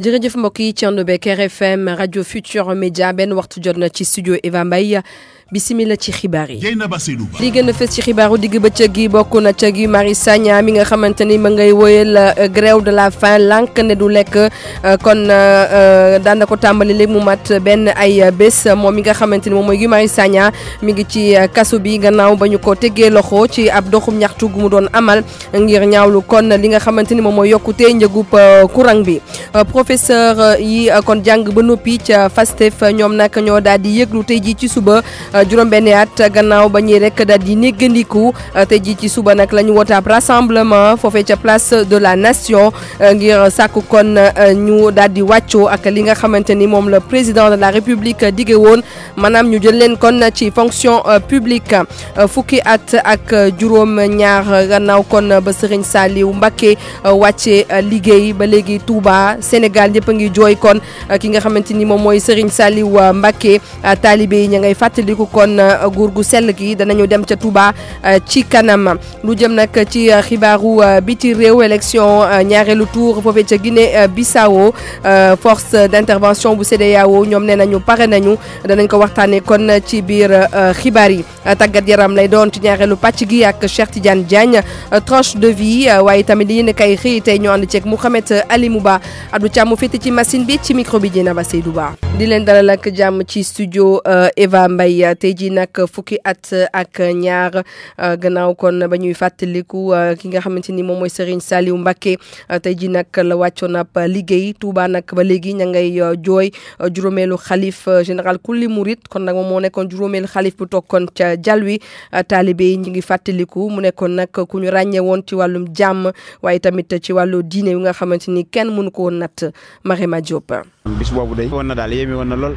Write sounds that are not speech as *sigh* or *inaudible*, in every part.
jërëjëf mbokk yi ci ànd beeg RFM rajo Futur Média benn waxtu jot na ci studio Eva Mbaye bisimila ci xibaar yi li gën a fës ci xibaaru digg bëccëg yi bokk na ca Guy Marius Sagna mi nga xamante ni ma ngay woyal euh, grève de la faim lank ne du lekk euh, kon euh, daan na ko tàmbali léegi mu mat benn ay bés moom mi nga xamante ni moom mooy Guy Marius Sagna mi ngi ci kasu bi gannaaw ba ñu ko teggee loxo ci ab doxum ñaxtu gu mu doon amal ngir ñaawlu kon li nga xamante ni moom mooy yokkute njëgub courant bi professeur yi kon jàng ba noppi ca FASTEF ñoom nag ñoo suba Euh, juróom-benn at gannaaw ba ñuy rekk daal di néggandiku euh, te ji ci suba nag la ñu woote ab rassemblement foofee ca place de la nation euh, ngir sàkk kon ñu daal di wàccoo ak li nga xamante ni moom la président de la république dige woon maanaam ñu jël leen kon ci fonction publique fukki at ak juróom-ñaar gannaaw kon ba Serigne Saliou Mbacké wàcce liggéey ba léegi Touba Sénégal yëpp a ngi jooy kon ki nga xamante ni moom mooy Serigne Saliou Mbacké taalibe yi ña ngay fàttaliku. kon nguur euh, gu sell gi danañu dem ca Touba euh, ci kanam lu jëm nag ci euh, xibaaru biti réew élection ñaareelu tour foofee ca Guinée Bissau force d'intervention bu CEDEAO ñoom nee nañu pare nañu danañ ko waxtaanee kon ci biir xibaar yi tàggat yaram lay doon ci ñaareelu pàcc gi ak Cheikh Tidiane Diagne tranche de vie waaye tamit yéen a kay xëy tey ñu ànd ceeg Mouhamed Ali Mouba Abdou Thiam mu féete ci machine bi ci micro bi Dieynaba Seydou Ba di leen dalal ak jàmm ci studio Eva Mbaye tey jii nag fukki at ak ñaar euh, gannaaw kon ba ñuy fàttaliku euh, ki nga xamante ni moom mooy Serigne Saliou Mbacké euh, tey jii nag la wàccoon ab liggéey Touba nag ba léegi ña ngay jooy juróomeelu xalif général kulli murit kon nag moom moo nekkoon juróomeelu xalif bu tokkoon ca jal wi taalibe yi ñu ngi fàttaliku mu nekkoon nag ku ñu ràññee woon ci wàllum jàmm waaye tamit ci wàllu diine yi nga xamante ni kenn mënu ko woon natt Marema Diop bis boobu day woon na daal yéemi woon na lool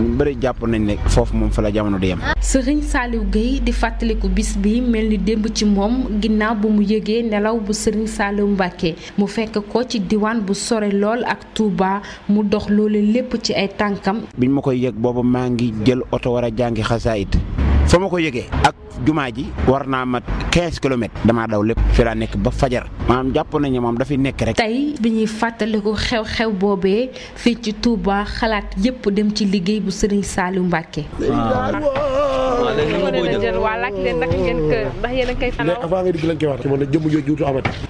ñu bëri jàpp nañ ne foofu moom fa la jamono di yem. Serigne Saliou gi di fàttaliku bis bi mel ni démb ci moom ginnaaw bu mu yëgee nelaw bu Serigne Saliou Mbacke mu fekk ko ci diwaan bu sore lool ak Touba mu dox loolu lépp ci ay tànkam. biñ ma koy yëg booba maa ngi jël oto war a jàngi xasaayit fa ma ko yëgee ak jumaa ji war naa mat 15 kilomètres dama daw lépp fi la nekk ba fajar maanaam jàpp nañu moom dafay nekk rek. tey bi ñuy fàttaliku xew-xew boobee fii ci Touba xalaat yépp dem ci liggéey bu Serigne Saliou Mbacke.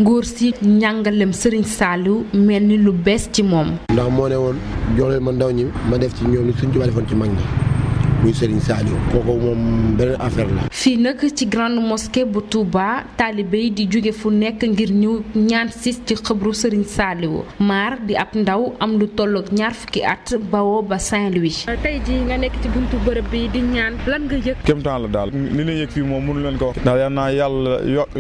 nguur si njàngalem Serigne Saliou mel ni lu bees ci moom. ndax moo ne woon jox leen ma ndaw ñi ma def ci ñoom ni suñ ci defoon ci mag ñi. muy Serigne Saliou kooku moom beneen affaire la. fii nag ci nekk ngir ñu ñaan sis ci xëbru Serigne Saliou maar di ab ndaw am lu tolloog ñaar fukki at bawoo ba Saint-Louis. tey jii nga nekk ci buntu bi di ñaan lan nga yëg. kéemtaan la daal li la yëg fii moom mënu leen ko wax. ndax yal naa yàlla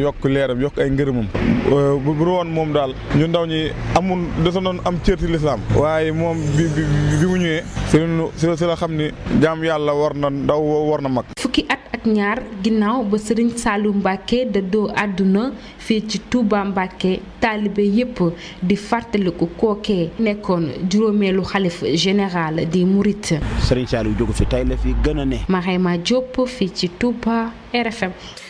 yokk leeram yokk ay ngërëmam. Euh, bu bu moom daal ñu ndaw ñi amul dasa am cër ci lislaam waaye moom bi bi bi mu ñëwee si la xam ni jaam yàlla war na ndaw na mag. fukki at ak ñaar ginnaaw ba sëriñ Saliou Mbacke dëddoo àdduna fi ci Touba Mbacke taalibe yépp di fàttaliku kookee nekkoon juróomeelu xalifa général di Mouride. sëriñ Saliou jógu fi tey la fi gën a ne. Marema Diop fii ci Touba RFM.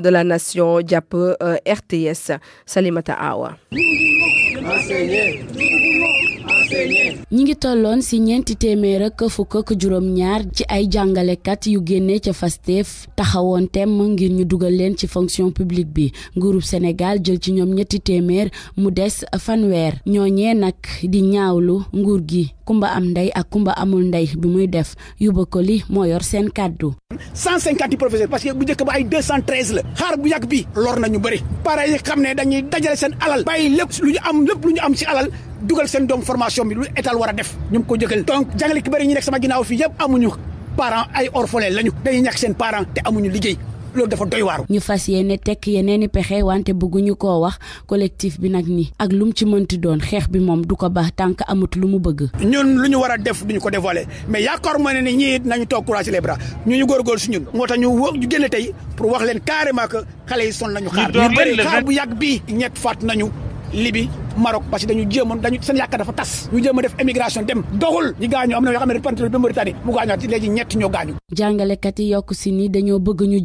de la nation jàpp euh, RTS Salimata Awa ñi ngi tolloon ci ñeenti téeméer ak fukk juróom-ñaar ci ay jàngalekat yu génne ca Pastef taxawoon tem ngir ñu dugal leen ci fonction publique bi nguurub Sénégal jël ci ñoom ñetti téeméer mu des fanweer ñooñee nag di ñaawlu nguur gi kumba am nday ak kumba amul nday bi muy def yuba ko li mo yor sen kàddu 150 professeurs parce que bu njëkk ba ay 213 la xaar bu yak bi lor nañu bëri para yi xam dañuy dajale sen alal bay lepp luñu am lepp luñu am ci alal dugal sen dom formation bi lu etal wara def ñum ko jëkkal donc jàngale ki bëri ñi nek sama ginaaw fi yeb amuñu parents ay orphelins lañu dañuy ñak sen parents te amuñu liggéey loolu dafa doy waaru ñu fas yéene tekk yeneen i pexe wante bëgguñu koo wax collectif bi nag ni ak lu mu ci mënti doon xeex bi moom du ko baax tànk amut lu mu bëgg ñun lu ñu war a def duñu ko dévoiler mais yaakaar ma ne ni ñii nañu toog courage les bras ñu ñu góorgóorlu si ñun moo tax ñu woo ñu génne tey pour wax leen carrément que xale yi son nañu xaar ñu bëri xaar bu yàgg bii ñett faat nañu libi Maroc parce que dañu jéemoon dañu seen yaakaar dafa tas ñu jéem def émigration dem doxul ñi gaañu am na yoo xam ne ni dañoo bëgg ñu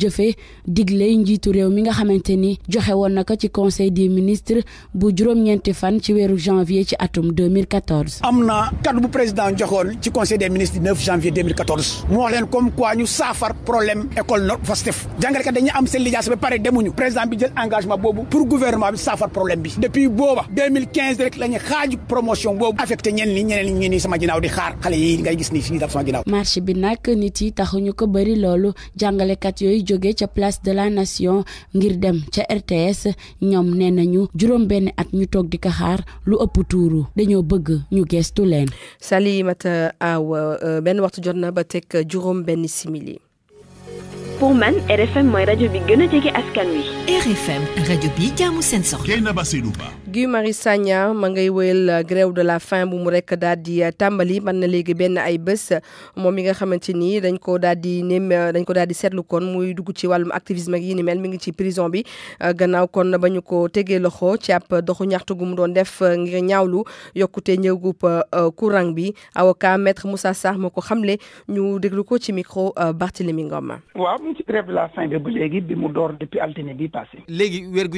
ni joxe woon na ko ci conseil des ministres bu juróom-ñeenti fan ci weeru janvier ci atum 2014 am na kaddu bu président joxoon ci conseil des ministres du 9 janvier 2014 mu wax leen comme quoi ñu saafar problème école nord Fastef jàngalekat dañu am seen lijaas ba pare demuñu président bi jël engagement boobu pour gouvernement bi saafar problème 2015 rek lañu xaaju promotion boobu affecté ñen ñi ñeneen ñi ni sama ginnaaw di xaar xale yi ngay gis ni fii daf sama ginnaaw marche bi nag nit yi ñu ko bëri loolu jàngalekat yooyu jógee ca place de la nation ngir dem ca RTS ñoom nee nañu juróom benn at ñu toog di ko xaar lu ëpp tuuru dañoo bëgg ñu geestu leen Salimata Aw euh, benn waxtu jot na ba teg juróom benn simili pour man RFM mooy rajo bi gën a jege askan wi RFM rajo bi jaamu seen soxla Guy Marius Sagna ma ngay wéyal euh, de la faim bu mu rek daal di euh, tàmbali man na léegi benn ay bés moom mi nga xamante ni dañ ko daal di nem euh, dañ ko daal di seetlu kon muy dugg ci wàllum activisme ak yi ni mel mu ngi ci prison bi gannaaw kon ba ñu ko tegee loxo ci ab doxu ñaxtu gu mu doon def ngir ñaawlu yokkute njëgub courant bi avocat maître Moussa Sarr moo ko xamle ñu déglu ko ci micro Barthélémy Ngom. waaw mu ci grève de la faim bi ba léegi bi mu door depuis altine bi passé. léegi wér gu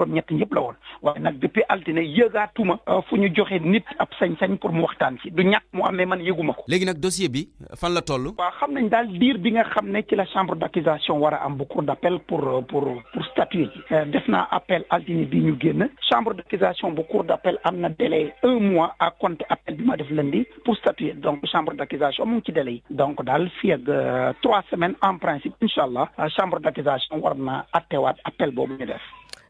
juróom-ñett ñëpp la woon waaye nag depuis altine yëgaatuma euh, fu ñu joxe nit ab sañ-sañ pour mu waxtaan ci du ñàkk mu am mais man yëguma ko léegi nag dossier bi fan la toll waaw xam nañ daal diir bi nga xam ne ci la chambre d'accusation war a am bu cour d'appel pour euh, pour pour statuer ji euh, def naa appel altine bi ñu génn chambre d'accusation bu cour d'appel am na délai un mois à compter appel bi ma def lundi pour statuer donc chambre d'accusation mu ngi ci délai donc daal fii ak trois semaines en principe incha allah chambre d'accusation war na attewaat appel boobu ñu def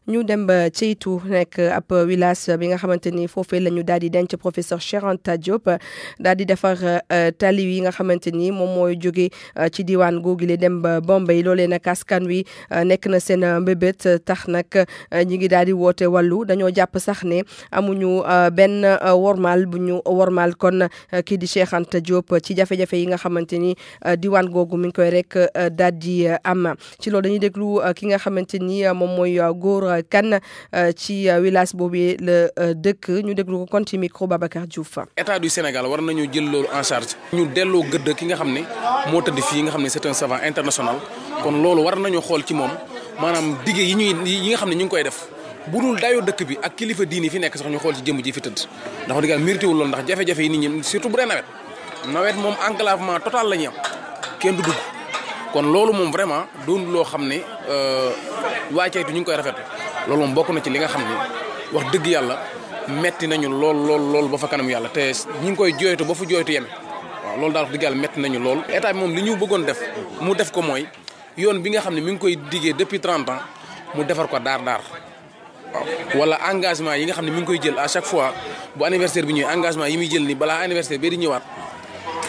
ñu dem ba Ceytu nekk ab village bi nga xamante ni foofee la ñu daal di denc professeur Cheikh Anta Diop daal di defar euh, tali yi nga xamante ni moom mooy jóge euh, ci diwaan googile dem ba Bombay loolee nag askan wi euh, nekk na seen mbébét tax nag ñi ngi daal di woote wàllu dañoo jàpp sax ne amuñu benn wormal bu ñu wormaal kon kii di Cheikh Anta Diop ci jafe-jafe yi nga xamante ni diwaan googu mi ngi koy rek daal di am ci loolu dañuy déglu ki nga xamante ni moom mooy góor Euh, kan euh, ci village euh, boobee le deuk ñu déglu ko kon ci micro Babacar Diouf. état du Sénégal war nañu jël lolu en charge. ñu delloo gëdd ki nga xamné mo teud fi nga xamné c'est un savant international. kon lolu war nañu xol ci mom manam dige yi ñuy yi nga xamné ñu ngi koy def. bu dul dayoo dëkk bi ak kilifa diini fi nekk sax ñu xol ci jëm ji fi teud ndax digal mérité wul loolu ndax jafé jafé yi nit ñi surtout bu dee nawet nawet moom enclavement total la ñu am kenn du dugg. kon loolu moom vraiment doon loo xam ne euh, waa caytu ñu ngi koy rafetlu loolu moom bokk na ci li nga xam ne wax dëgg yàlla metti nañu lool lool lool ba fa kanam yàlla te ñu ngi koy jooytu ba fu jooytu yeme waaw loolu daal wax dëgg nañu lool. état bi moom li ñu bëggoon def mu def ko mooy yoon bi nga xam ne mi ngi koy diggee depuis 30 ans mu defar ko daar daar waaw wala engagement yi nga xam ne mi ngi koy jël à chaque fois bu anniversaire bi ñëwee engagement yi muy jël ni balaa anniversaire bee di ñëwaat.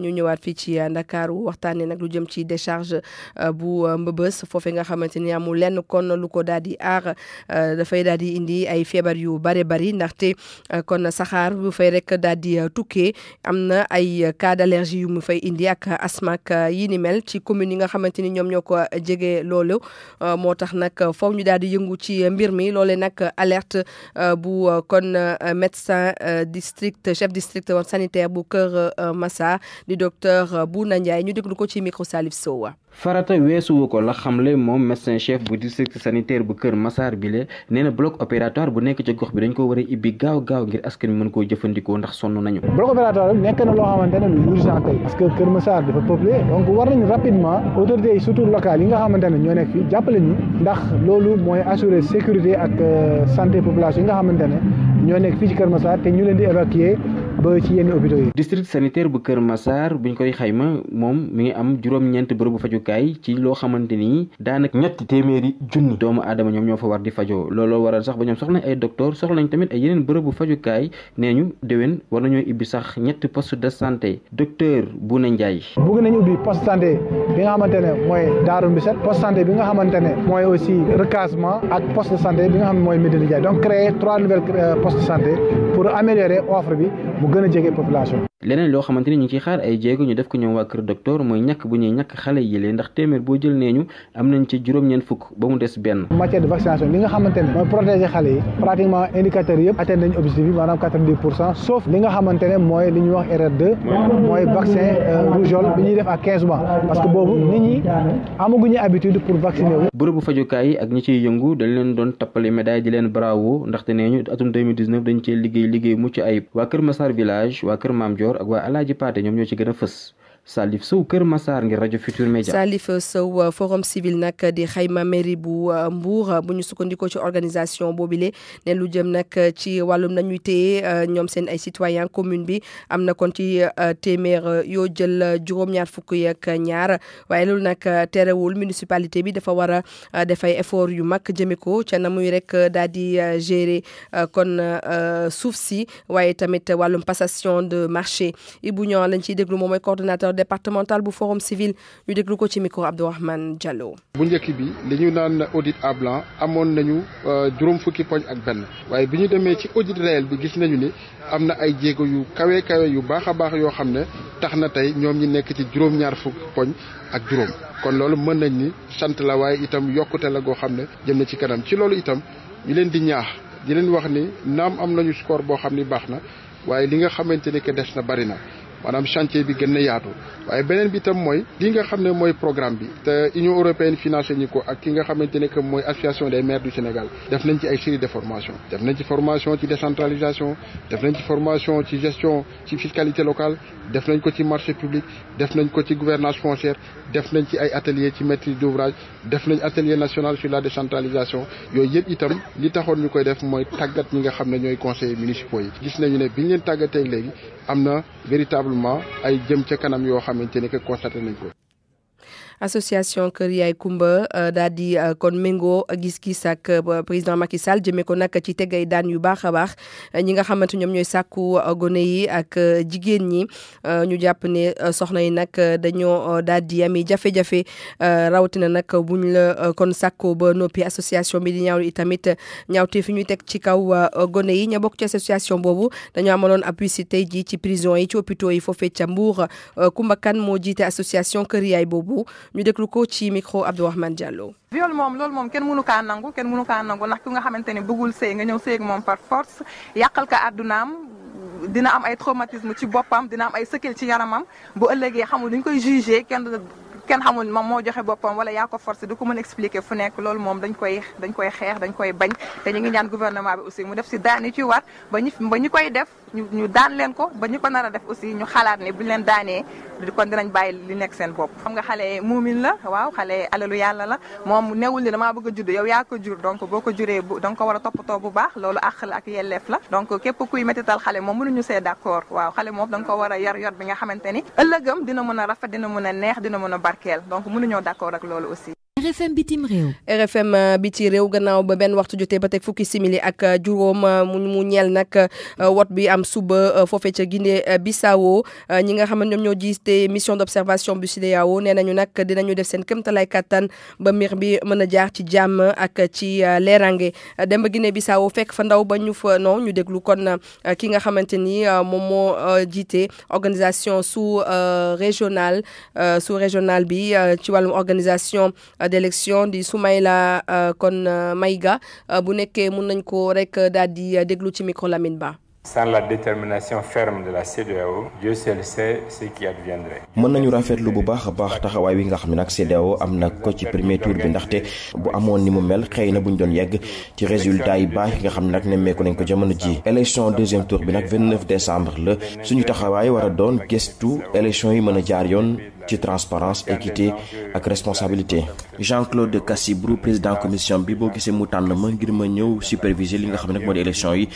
ñu ñëwaat fii ci euh, Ndakaaru waxtaanee nag lu jëm ci décharge euh, bu euh, mbëbës foofee nga xamante ni amul lenn kon lu ko daal di aar dafay daal di indi ay feebar yu bare bari ndaxte kon saxaar bu fay rek daal di tukkee am na ay cas d'allergie yu mu fay indi ak asthme ak mel ci commune yi nga xamante ni ñoom ñoo ko jege loolu moo tax nag foofu ñu daal di yëngu ci mbir mi loolee nag alerte bu kon médecin district chef district sanitaire bu Kër Massa di docteur euh, Bouna Ndiaye ñu déglu ko ci micro Salif Sow farata weesuwu ko la xam xamle moom médecin chef bu district sanitaire bu Kër Massar bile nee na bloc opératoire bu nekk ci gox bi dañ ko war a ibbi gaaw gaaw ngir askan wi mën koo jëfandikoo ndax sonn nañu bloc opératoire bi na loo xamante ne lu urgent tey parce que Kër Massar dafa peuplé donc war nañu rapidement autorités yi surtout locales yi nga xamante ne ñoo nekk fii jàppale ñu ndax loolu mooy assurer sécurité ak euh, santé population yi nga xamante ne ñoo nekk fii ci Kër Massar te ñu leen di évacuer ba ci yenn hôpitaux yi. district sanitaire bu Kër Massar buñ koy xayma moom mi ngi am juróom-ñeent bërëbu fajukaay ci loo xamante ni daanaka ñett téeméeri junni doomu aadama ñoom ñoo fa war di fajoo looloo waral sax ba ñoom soxlañ ay docteur soxlañ tamit ay yeneen bërëbu fajukaay nee ñu déwén war nañoo ibbi sax ñetti post de santé docteur na Ndiaye. bëgg nañu ubbi poste santé bi nga xamante ne mooy Darou Mbisset poste bi nga xamante ne mooy aussi recasement ak poste de santé bi nga xam mooy Médina Ndiaye donc créer trois nouvelles euh, postes bi. gën a jege population leneen loo xamante ni ñu ngi ciy xaar ay jéego ñu def ko ñoom waa kër docteur mooy ñàkk bu ñuy ñàkk xale yi ndax téeméer boo jël nee am nañ ci juróom-ñeent fukk ba mu des benn matière de vaccination li nga xamante ne mooy protéger xale yi pratiquement indicateurs yëpp atteindre nañu objectif bi ne mooy li ñuy wax RR2 euh, bi ñuy def à 15 mois parce que boobu nit ñi amaguñu habitude pour vacciner wu bërëbu fajukaay yi ak ñi ciy yëngu dañ leen doon tappale médaille di leen bravo ndaxte nee ñu atum liggéey liggéey mucc ayib waa Kajoor ak waa Alaaji Paate ñoom ñoo ci gën fës Salif Sow Kër Massar ngir rajo Futur Media. Salif Sow uh, forum civil nak uh, di xayma mairie bu uh, Mbour bu ñu sukkandikoo ci organisation boobile ne lu jëm nak ci wàllum nañuy téye ñoom seen ay citoyen commune bi am na kon ci téeméer yoo jël juróom-ñaar fukk ak ñaar waaye loolu nag terewul municipalité bi dafa war a dafay effort yu mag jëme ko ca na muy rek daal di gérer kon suuf si waaye tamit wàllum passation de marché Ibou Niang lañ ciy déglu moom mooy coordonnateur départemental du forum civil ñu déglu ko ci micro Abdourahmane Diallo. bu njëkk bi li ñu naan audit à blanc amon nañu euh, juroom fukki poñ ak ben waye bi ñu démé ci audit réel bi gis nañu ni amna ay yu kawe kawe yu baax a baax yoo xam ne tax na ñi nekk ci juroom ñaar fuk poñ ak juroom kon loolu mën ni sant la waye itam yokkute la goo xam kadam. jëm na ci kanam ci loolu itam ñu leen di ñaax di leen wax ni naam am nañu score bo xam baxna waye li nga xamanteni ke na bari na maanaam chantier bi gën na yaatu waaye beneen bi tam mooy li nga xam ne mooy programme bi te Union européenne financé ñi ko ak ki nga xamante ne que mooy association des maires du Sénégal def nañ ci ay série de formation def nañ ci formation ci décentralisation def nañ ci formation ci gestion ci fiscalité locale def nañ ko ci marché public def nañ ko ci gouvernance foncière def nañ ci ay atelier ci maîtrise d'ouvrage def nañ atelier national sur la décentralisation yooyu yëpp itam li taxoon ñu koy def mooy tàggat ñi nga xam ne ñooy conseillers municipaux yi gis nañu ne biñ leen tàggatee léegi am na véritable véritablement ay jëm ca kanam yoo xamante ni que constaté nañ ko. association Kër Kumba euh, Dadi di euh, kon mengo gis ki sak euh, président Macky Sall jeme ko nak ci tegay daan yu baxa bax ñi nga xamante ñom ñoy sakku gone yi ak jigéen ñi ñu japp ne soxna yi nak dañoo di jafe-jafe rawatina nak buñ la kon ba nopi association bi di itamit ñaawte fi ñuy tek ci kaw gone yi ña ci association Bobu dañoo amalon appui ci tay ji ci prison yi ci hôpitaux yi fofé ca Mbour Kumba Kan mo jité association Kër Bobu. bobu ñu déglu ko ci micro Abdourahmane Diallo. viol moom loolu moom kenn mënu kaa nangu kenn mënu kaa nangu ndax ki nga xamante ne bëggul sëy nga ñëw sëy ak moom par force yàqal ka àddunaam dina am ay traumatisme ci boppam dina am ay sëkkil ci yaramam bu ëllëgee xamul duñ koy jugé kenn kenn xamul moom moo joxe boppam wala yaa ko forcé du ko mën expliquer fu nekk loolu moom dañ koy dañ koy xeex dañ koy bañ te ñu ngi ñaan gouvernement bi aussi mu def si daan yi ci war ba ñu ba ñu koy def ñu daan leen ko ba ñu ko nar a def aussi ñu xalaat ne buñ leen daanee kon dinañ bàyyi li nekk seen bopp xam nga xale muumin la waaw xale alalu yàlla la moom newul ni damaa bëgg a judd yow yaa ko jur donc boo ko juree bu danga ko war a toppatoo bu baax loolu àq la ak yelleef la donc képp kuy métital xale moom mënuñu see d'accord waaw xale moom danga ko war a yor yor bi nga xamante ni ëllëgam dina mën a rafet dina mën a neex dina mën a barkeel donc mënuñoo d'accord ak loolu aussi RFM bitim réew. RFM euh, biti réew gannaaw ba benn waxtu jotee ba teg fukki simili ak euh, juróom euh, mu ñeel nag wot bi am suba foofee ca Guinée Bissau ñi nga xam ne ñoom ñoo jiite mission d' observation bu CEDEAO nee nañu nag dinañu def seen këmtalaay kattan ba mbir bi mën a jaar ci jàmm ak ci leerange dem ba Guinée Bissau fekk fa ndaw ba ñu fa non ñu déglu kon ki nga xamante ni moom moo jiite organisation sous régional su régional bi ci wàllum organisation. d'élection di Soumaïla euh, kon euh, Maïga euh, bu nekkee mën nañ ko rek daal di déglu ci micro Lamine Ba. sans la détermination ferme de la CEDEAO, Dieu seul sait ce qui adviendrait. mën nañu rafetlu bu baax baax taxaway wi nga xamni nak CEDEAO ko ci premier tour bi ndaxte bu amone ni mu mel xeyna buñ doon yegg ci résultat yi baax nga xamni nak nag nañ ko jamono ji élection deuxième tour bi nak 29 décembre le suñu taxaway wara doon gestu élection yi mën jaar yoon ci transparence équité et responsabilité Jean-Claude Cassibrou président commission bi boo gisee mu tànn ma ngir ma ñëw superviser li nga xam ne nag moo di élection yi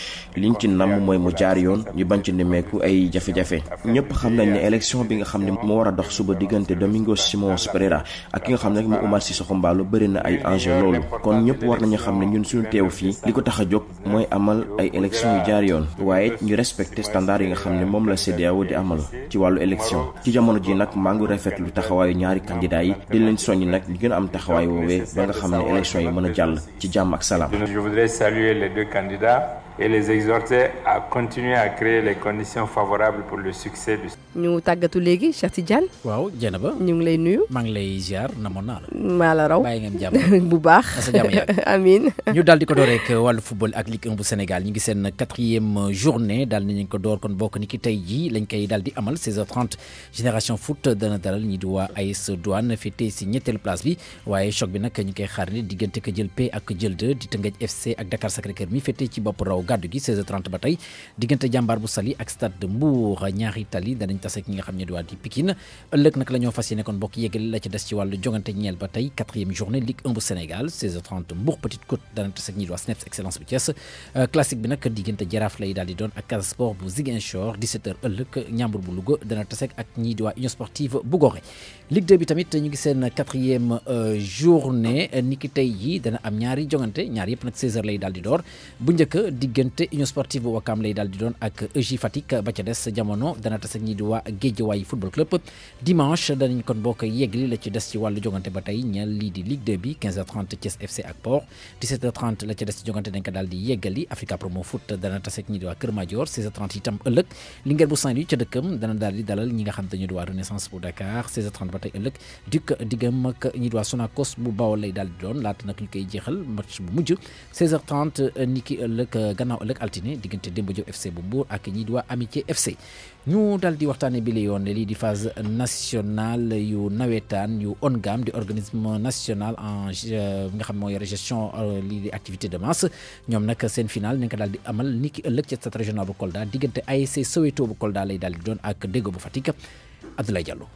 liñ ci nam mooy mu jaar yoon ñu bañ ci nemmeeku ay jafe-jafe ñëpp xam nañ ne élection bi nga xam ne moo war a dox suba diggante Domingos Simões Pereira ak ki nga xam ne nag mu bëri na ay enjeu loolu kon ñëpp war nañu xam ne ñun suñu teew fii li ko tax a jóg mooy amal ay élection yu jaar yoon waaye ñu respecté standard yi nga xam ne moom la CEDEAO di amal ci wàllu élection ci jamono ji nag maa ngi rafetlu taxawaayu ñaari candidat yi di leen soññ nag ñu gën am taxawaay woowee ba nga xam ne élection yi mën a jàll ci jàmm ak salaam. Je voudrais saluer les deux candidats et les exhorter à continuer à créer les conditions favorables pour le succès du. ñu tàggatu léegi Cheikh Tidiane. waaw jëna ba. ñu ngi lay nuyu. maa ngi lay ziar namoon naa la. maa la raw bàyyi ngeen jàmm *laughs* bu baax. asa *laughs* amiin ñu daal di ko door rek wàllu football ak Ligue 1 bu Sénégal ñu ngi seen quatrième journée daal nañu ko door kon bokk ni ki tey jii lañ koy daal di amal 16h30 génération foot dana dara dalal ñi di waa AS Douane féetee si place bi waaye choc bi nak ñu koy xaar ni diggante ka jël P ak jël 2 di Tëngéej FC ak Dakar Sacré-Cœur mi féetee ci bop raw gaddu gi 16h30 ba tey diggante jàmbaar bu Saly ak Stade de Mbour ñaari tali danañ tase ki nga xam di wa di Pikine ëllëg nak lañu ñoo kon bokk yégal la ci dess ci walu jogante ñeel ba 4 quatrième journée Ligue 1 bu Sénégal 16h30 Mbour Petite Côte danañ tase ak ñi di waa SNEPS excellence bu Thiès euh, classique bi nak diggante Jaraaf lay dal di doon ak Casa Sport bu Ziguinchor 17h ëllëg Ñambur bu Louga dana tase ak ñi di wa Union Sportive bu Gorée Ligue 2 bi tamit ñu ngi seen quatrième euh, journée ni ki yi dana am ñaari jongante ñaar yëpp nag lay daal door bu njëkk diggante Union Sportive bu Wakam lay daal doon ak EJ Fatick ba ca des jamono dana tase ñi di waa Guédiawaye Football Club dimanche danañ kon bokk yegli la ci des ci wàllu jongante ba tey ñeel lii di Ligue 2 bi FC ak Port la ca des ci jongante dañ ko yeggali Africa Promo Foot dana tase ñi di waa Kër Madior Dakar 16h30 ba tey duk digam ak ñi di waa Sonacos bu Bawol lay dal di doon laata nak ñu koy jeexal match bu mujj 16h30 eh, niki ki ëllëg eh, gannaaw altiné altine diggante Demba FC bu Mbour ak ñi di Amitié FC ñu dal di waxtaane bi la yoon lii di phase nationale yu nawetaan yu ONGAM di organisme national en eh, nga xam moo gestion li di activité de masse ñom nak seen final ñinga dal di amal niki ki ci stade régional bu Kolda diggante ASC Soweto bu Kolda lay dal di doon ak Déggo bu Fatick Abdoulaye Diallo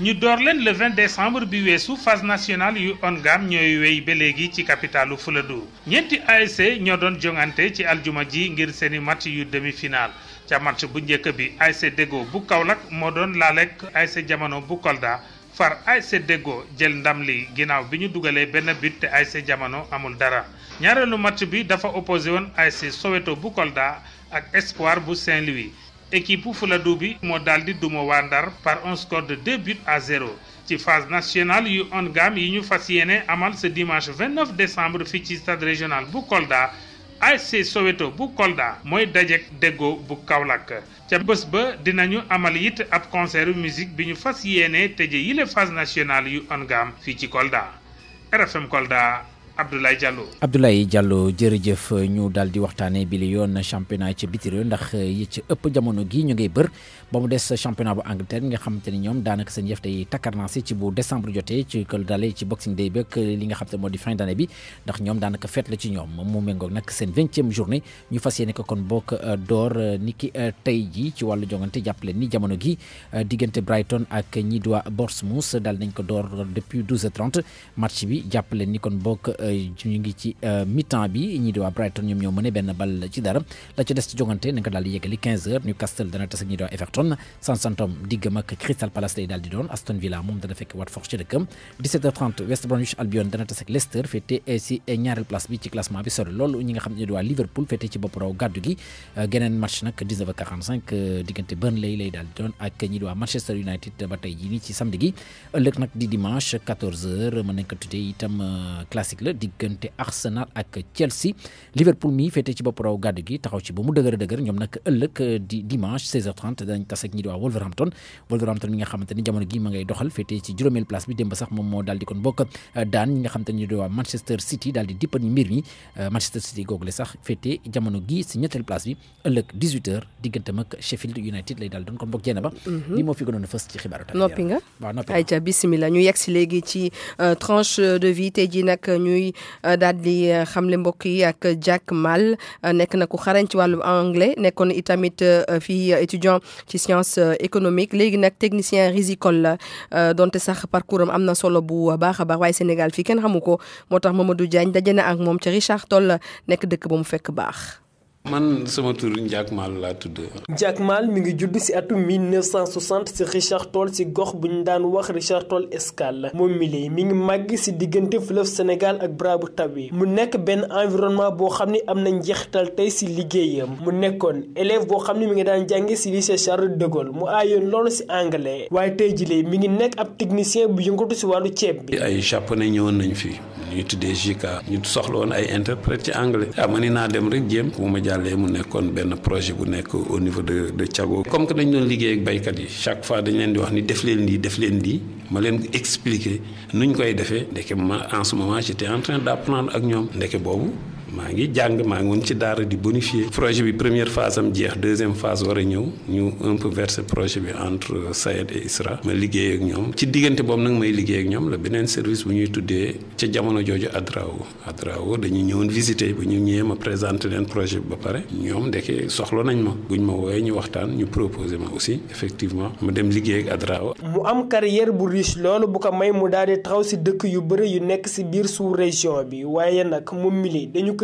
ñu door leen le 20 décembre bi weesu phase nationale yu ONGAM ñooy wéy ba léegi ci capitalu Fuladu ñeenti ASC ñoo doon jongante ci aljuma ji ngir seeni match yu demi-finale ca match bu njëkk bi ASC Deggo bu Kaolack moo doon laalek ASC Jamono bu Kolda far ASC Deggo jël ndam li ginnaaw bi ñu dugalee benn but te ASC Jamono amul dara ñaareelu match bi dafa opposé woon ASC Soweto bu Kolda ak Espoir bu Saint-Louis équipe Fuladu mo daldi modalité wandar duma par un score de 2 buts à 0. ci phase nationale yu ongam yi ñu amal ce dimanche 29 décembre fi ci stade régional bu Kolda ASC Soweto bu Kolda moy dajek dego bu Kaolack ca bëss ba dinañu amal it ab concert musique biñu ñu fas la phase nationale yu ongam fi ci Kolda RFM Kolda. Abdoulaye Diallo. Abdoulaye Diallo jërëjëf ñu daal di waxtaanee bi li yoon championnat ci biti ndax eh, yi ci ëpp jamono gi ñu ngay bër ba mu des championnat bu Angleterre nga xamante ni ñoom daanaka seen yëf yi takkarnaase ci bu décembre jotee ci kël dalee ci boxing day beeg li nga xam te moo di fin d'année bi ndax ñoom daanaka fête la ci ñoom mu méngoog nag seen vingtième journée ñu fas yéene ko kon bokk eh, door eh, niki tey ji ci wàllu jongante jàppale ni jamono gi diggante Brighton ak ñi di waa Bournemouth daal nañ ko door depuis 12h30 match bi jàppale kon bokk Euh, ñu ngi ci euh, mi-temps bi ñi di waa Brighton ñoom ñoo mëne benn bal ci dara la ci des ci jongante nañ ko daal di yeggali 15 heures Newcastle dana tase ak ñi di waa Everton Southampton diggam ak Crystal Palace lay daal di doon Aston Villa moom dana fekk Watford ci dëkkam 17h30 West Bromwich Albion dana tase ak Leicester féete si euh, ñaareel place bi ci classement bi sori loolu ñi nga xam ñi di waa Liverpool féete ci bopp raw gàddu gi geneen match nag 19h45 diggante Burnley lay daal di doon ak ñi di waa Manchester United ba tey ji nii ci samedi gi ëllëg nag di dimanche 14h mën nañ ko tuddee itam classique la diggante Arsenal ak Chelsea Liverpool mi fété ci bopp raw gàddu gi taxaw ci ba mu dëgër dëgër ñoom nag ëllëg euh, di dimanche 16h30 dañ tass ak ñi di wa Wolverhampton Wolverhampton mi nga xamanteni jamono gi ma ngay doxal fété ci juróomeelu place bi démb sax mom mo daldi kon bok euh, daan ñi nga xamanteni ñi di wa Manchester City daldi di dippan mbir mi euh, Manchester City googule sax fété jamono gi ci ñetteelu place bi ëllëg 18h digganteem ak Sheffield United lay dal doon kon bok jeene ba mhm. li mo fi gënon a ci xibaaru tamit nopi nga ay noppi bismillah ñu yegg si léegi ci tranche de vie tay ji nag ñuy koy eh, daal di eh, xamle mbokk yi ak Jack Mal eh, nekk na ku xarañ ci wàllu anglais nekkoon itamit fii étudiant ci science économique léegi nag technicien rizicole la donte sax parcours am am na solo bu baax a baax waaye Sénégal fii kenn xamu ko moo tax Mamadou Diagne daje ak moom ca Richard Toll nekk dëkk ba mu fekk baax. man sama tur Ndiak Mal laa tudd. Ndiak Mal mi ngi judd ci atum 1960 ci Richard tool ci gox bu ñu daan wax Richard tool Escale moom mi mi ngi màgg ci diggante fleuve Sénégal ak Braabu Tawi mu nekk benn environnement boo xam ne am na njeextal tey ci liggéeyam mu nekkoon élève boo xam ne mi ngi daan jànge ci lycée Charles de gol mu aayoon lool ci anglais waaye tey jii mi ngi nekk ab technicien bu yëngatu ci wàllu ceeb bi. ay japonais ñëwoon nañu fii ñuy tuddee JICA ñu soxla ay interprète ci anglais ah ma naa dem rek jéem bu ma jàllee mu nekkoon benn projet bu nekk au niveau de de Thiago comme que dañ doon liggéey ak baykat yi chaque fois dañ leen di wax ni def leen lii def leen lii ma leen expliquer nuñ koy defee ndeke ma en ce moment j'étais en train d'apprendre ak ñoom ndeke boobu maa ngi jàng maa ngi woon ci daara di bonifier projet bi première phase am jeex deuxième phase war a ñëw ñu un peu verser projet bi entre Sayed et Isra ma liggéey ak ñoom ci diggante boobu nag may liggéey ak ñoom la beneen service bu ñuy tuddee ca jamono jooju Adrao Adrao dañu ñëwoon visiter bu ñu ñëwee ma présenter leen projet bi ba pare ñoom ndeke soxla nañ ma buñ ma wooyee ñu waxtaan ñu proposer ma aussi effectivement ma dem liggéey ak Adrao. mu am carrière bu riche loolu bu ko may mu daal di taxaw si dëkk yu bëri yu nekk si biir sous région bi waaye nag mu mi dañu ko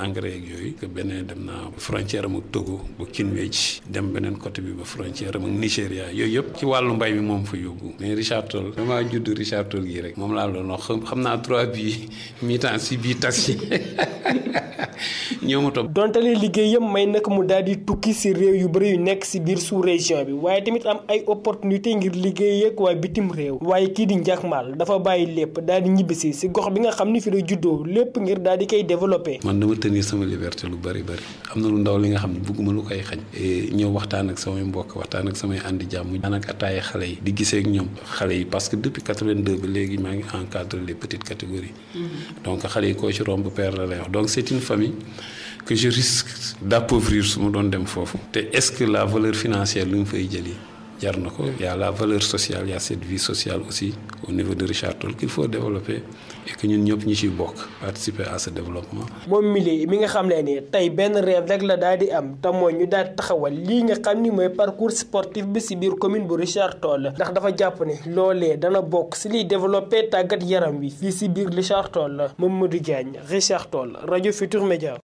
engrais ak yooyu que beneen dem naa frontière am ak togo bu kinweej dem beneen côté bi ba frontière am ak nigéria yooyu yëpp ci wàllu mbay mi moom fa yóbbu mais richard toll dama judd richard toll gi rek moom laa doon wax xam naa trois bi *laughs* mi temps si bi tas *laughs* yi ñoo ma topp donte ne liggéeyam may nag mu daal di tukki si réew yu bëri yu nekk si biir sous région bi waaye tamit am ay opportunité ngir liggéey ak waa bitim réew waaye kii di njakmal dafa bàyyi lépp daal di ñibbisi si gox bi nga xam ni fi la juddoo lépp ngir daal di koy développé man dama tenir sama liberté lu bari bari am na lu ndaw li nga xam ne bëgguma lu koy xañ ñëw waxtaan ak samay mbokk waxtaan ak samay andi jàmm daanaka ataaye xale yi di gisee ak ñoom xale yi parce que depuis 82 ba léegi maa ngi encadre les petites catégories mm-hmm. donc xale yi koo ci romb père la lay wax donc c'est une famille que je risque d'appauvrir su ma doon dem foofu te est-ce que la valeur financière lu mu fay jëli jar na ko y a la valeur sociale y a cette vie sociale aussi au niveau de Richard Toll qu'il faut développer et que ñun ñëpp ñi ci bokk participer à ce développement. moom Milé mi nga xam ne ni tey benn rêve rek la daal di am te mooy ñu daal taxawal lii nga xam ni mooy parcours sportif bi si biir commune bu Richard Toll ndax dafa jàpp ne loolee dana bokk si liy développé tàggat yaram wi fii si biir Richard Toll Mamadou Diagne Richard Toll rajo Futur Média.